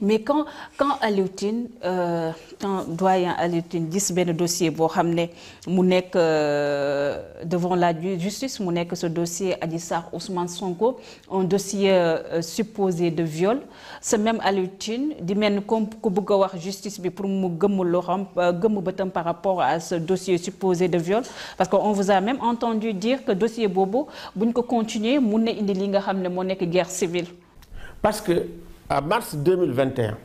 mais quand quand Alioune euh, doyen dit dossier bo xamné mu euh, devant la justice mu ce dossier Adissar Ousmane Sonko un dossier euh, supposé de viol ce même Alutin dit di mel comme bëgg wax justice bi pour mu gëmm xam par rapport à ce dossier supposé de viol parce qu'on vous a même entendu dire que dossier Bobo, buñ ko continuer mu né indi li nga guerre civile parce que à mars 2021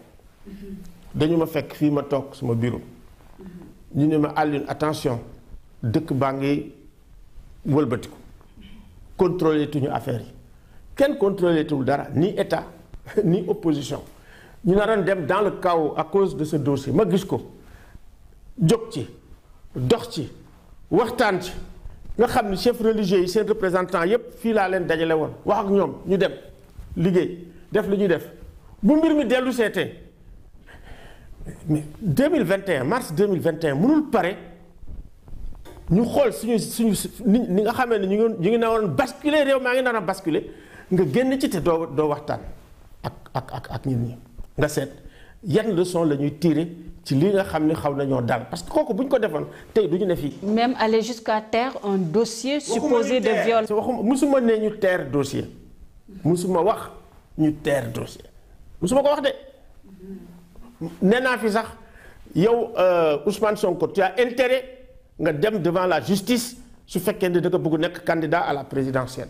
dañu ma fait un ma bureau ma attention le Que contrôler affaire Qui ni état ni opposition Nous avons dans le chaos à cause de ce dossier ma gis ko jóg ci chef religieux représentant yépp leen def li def bu mbir mi dellu mais 2021 mars 2021 mënul pare ñu xool suñu suñu ni ñu ngi basculer réew maa a basculer nga génn ci te doo ak ak ak ak ñi nga leçon la tirer ci li nga parce que kooku bu ko defoon tey du ne même aller jusqu'à terre, un dossier. supposé de viol. waxuma dossier ñu teer dossier musuma ko wax de nee fi sax yow euh, Ousmane Sonko tu as intérêt nga dem devant la justice su fekkee ne da nga bëgg nekk candidat à la présidentielle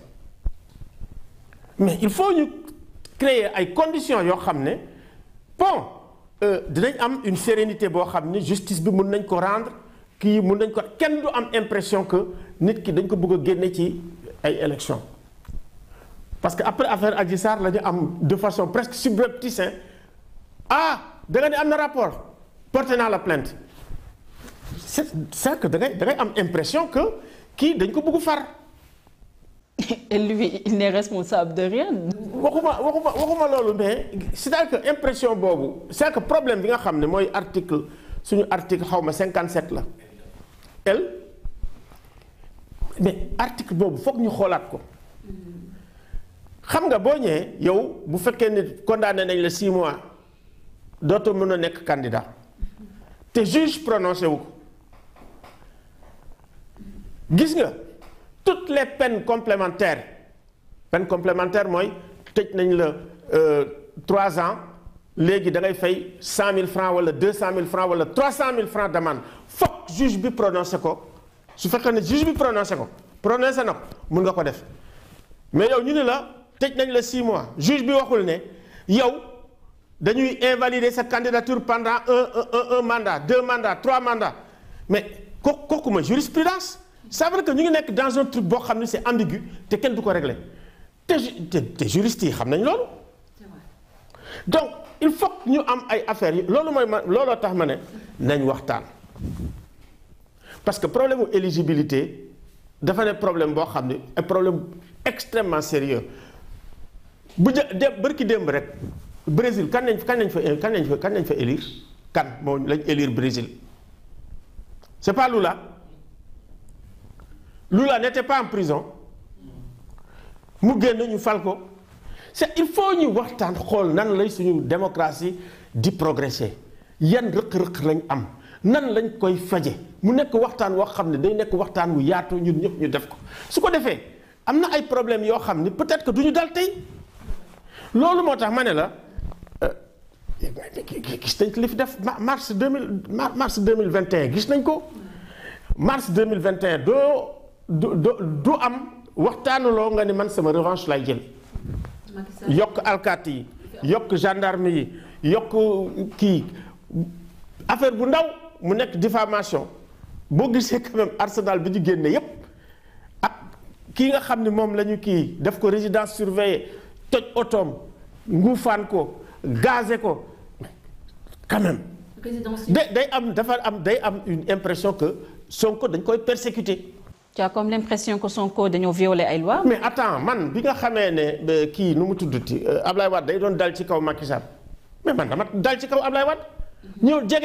mais il faut ñu créer ay conditions yoo xam ne bon euh, dinañ am une sérénité bo xamné justice bi mën nañ ko rendre kii mën nañ ko kenn du am impression que nit ki dañ ko bëgg a ci ay élections parce qu'après l'affaire affaire il a de façon presque subreptice hein. ah vous avez un am rapport portant la plainte c'est ça que da ngay l'impression que qui dañ ko beaucoup et lui il n'est responsable de rien. mais c'est-à-dire que l'impression Bobu. c'est que problème c'est nga problème ne article suñu article 57 elle mais article faut que nous le ko. Tu sais qu'il y a beaucoup été condamnés pendant 6 mois et qui n'ont pas été candidats. Les juges ont été prononcés. Tu Toutes les peines complémentaires peines complémentaires, euh, peut vous avez 3 ans, quand tu as fait 100 000 francs 200 000 francs 300 000 francs de demande, il faut que le juge le prononce. Il faut que le juge le prononce. Il ne peut pas le prononcer tëj nañ la 6 mois juge bi waxul ne yow dañuy invalider sa candidature pendant un un un mandat deux mandats trois mandats mais kooku kooku jurisprudence ça veut dire que ñu ngi nekk dans un truc boo xam c'est ambigu te kenn du ko régler te te te juristes yi xam nañ donc il faut que ñu am ay affaires yi loolu que je veux tax ma nañ waxtaan parce que problème éligibilité dafa ne problème boo xam problème extrêmement sérieux bu Brésil kan kan élire élire Brésil c'est pas Lula Lula n'était pas en prison il faut que nous nan lay démocratie di progresser Il lañ am nan lañ koy faje mu nek faire? Nous day pas waxtan wu yaatu ñun ñep ñu def ko problèmes peut-être que lolou motax que mars deux mars deux ko mars deux do revanche lay jël. yok yok gendarme yi affaire bu ndaw mu nek diffamation bo quand arsenal bi qui yépp ak ki nga résidence surveillée nguufaan ko gazé ko quand même. day day am une impression que son dañ est persécuté. tu as comme l'impression que Sonko violé violer ay loi mais attends man bi nga xamé ne euh, Ablaye day dal mais man dama dal ci kaw Ablaye wad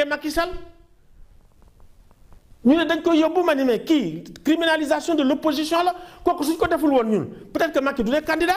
Macky ñu criminalisation de l'opposition la suñ ko peut-être que Macky du candidat.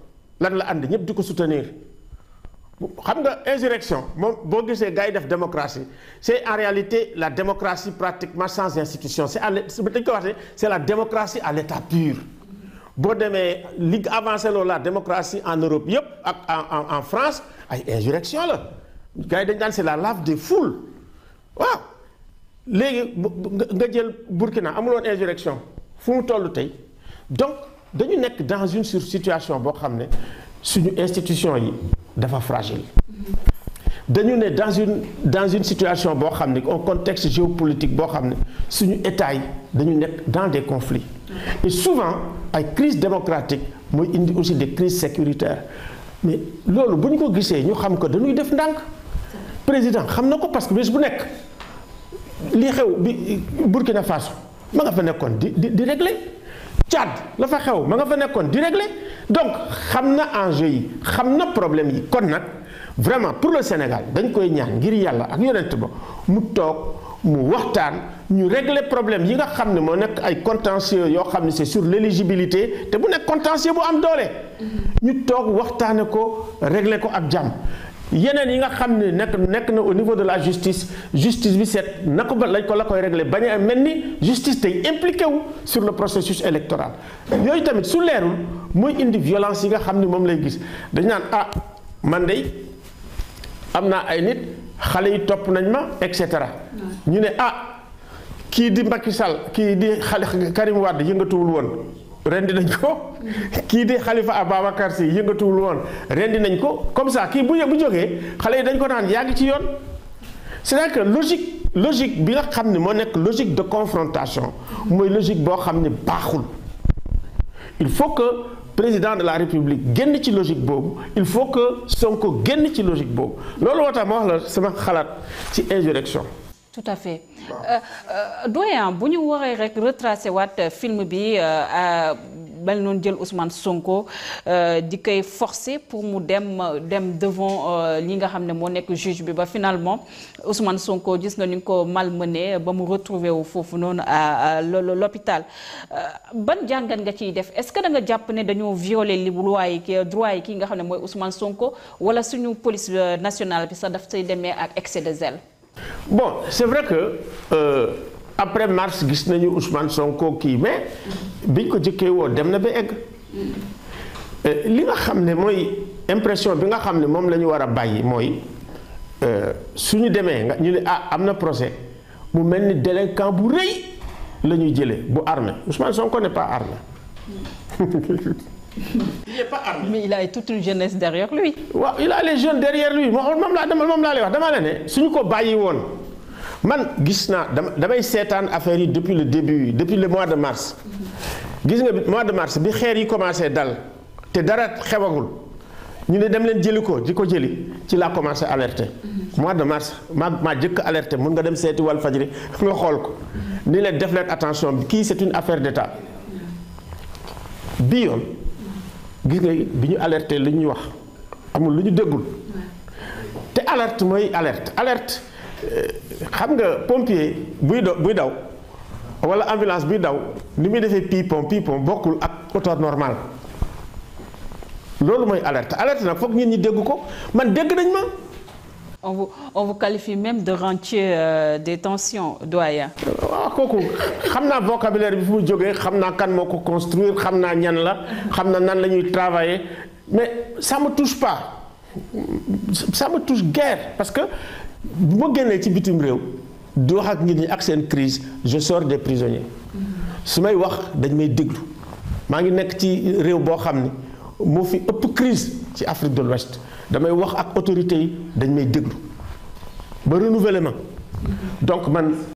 lan la and ñep diko soutenir xam nga insurrection bo c'est gisee def démocratie c'est en réalité la démocratie pratiquement sans institution c'est c'est la démocratie à l'état pur bo démé ligue avancé lo la démocratie en Europe ak en en France ay insurrection la dañ c'est la lave des foules waaw légui nga jël Burkina amuloon insurrection fu tollu tay donc nous sommes dans une situation où une institution fragile dans une dans une situation boo un contexte géopolitique où nous dans des conflits et souvent une crise démocratique mais aussi des crises sécuritaires mais loolu bu ko gisee ñu xam ko dañuy def président nous parce que bu nekk nous Burkina Faso ma nga fa ce régler Tchad la fa xew ma nga fa nekkoon donc xam enjeu on problème yi vraiment pour le Sénégal dañ koy ñaan ngir yalla, ak mu mu régler problème yi nga ay contentieux c'est sur l'éligibilité mm-hmm. régler il yi nga des au niveau de la justice justice la justice est impliquée sur le processus électoral yoy tamit su des violences indi violence yi nga xam mom lay gis dañ de ah, des ay nit xalé yi nañ ma et cetera ah di Karim rendi nañ ko ki di Khalifa Ababacar si yëngatuwul won rendi nañ ko comme ça ki bu bu jógee xale yi dañ ko naan yàgg ci yoon cest dire que logique logique bi nga xamni mo nek logique de confrontation moy logique bo xamni ne il faut que président de la république génn ci logique boobu il faut que Sonko génn ci logique boobu lolou moo tax ma wax la sama xalat ci insurrection tout à fait euh, euh, doyen bu ñu waree rek retracé wat euh, film bi bal noonu jël Ousmane Sonko di koy forcer pour mu dem dem devant li nga xam ne moo juge bi ba finalement Ousmane Sonko gis nga ni ñu ko malmené ba mu retrouvé wu foofu noonu à l'hôpital ban jàngat nga ciy def est-ce que da nga jàpp ne dañoo violer li loi yi droit yi kii nga xam ne mooy Ousmane Sonko wala suñu police nationale bi sax daf say demee ak excès de zèle bon c'est vrai que euh, après mars gis Ousmane Sonko qui mais biñ ko jëkkee wo dem na be egg euh, li nga impression bi nga xamné mom lañu wara bayyi a euh, ah, procès bu Ousmane Sonko pas armé il mais il a toute une jeunesse derrière lui. il a les jeunes derrière lui Je suis Je suis lay wax affaire depuis le début depuis le mois de mars. mois de mars bi commencé dal Je dara Je suis dem Je suis alerter. mois de mars suis jëkk alerter attention c'est une affaire d'état suis gis nga bi ñu alerte li ñuy wax amul lu ñu déggul te alerte mooy alerte alerte euh, xam nga pompier buy do buy daw wala ambulance buy daw ni muy defee pipon pipon bokkul ak auto normal loolu mooy alerte alerte nag foog nit ñi dégg ko man dégg nañ ma On vous, on qualifie même de rentier détention, euh, des tensions, doyen. ah kooku xam naa vocabulaire bi fu mu jógee xam naa kan moo ko construire xam naa ñan la xam naa nan la ñuy travailler mais ça me touche pas ça me touche guère parce que bu ma génnee ci bitim réew di wax ak nit ñi ak seen crise je sors des prisonniers su may wax dañ may déglu maa ngi nekk ci réew boo xam ni moo fi ëpp crise ci Afrique de l'Ouest damay wax ak autorité yi dañ may déglu ba renouvellement donc man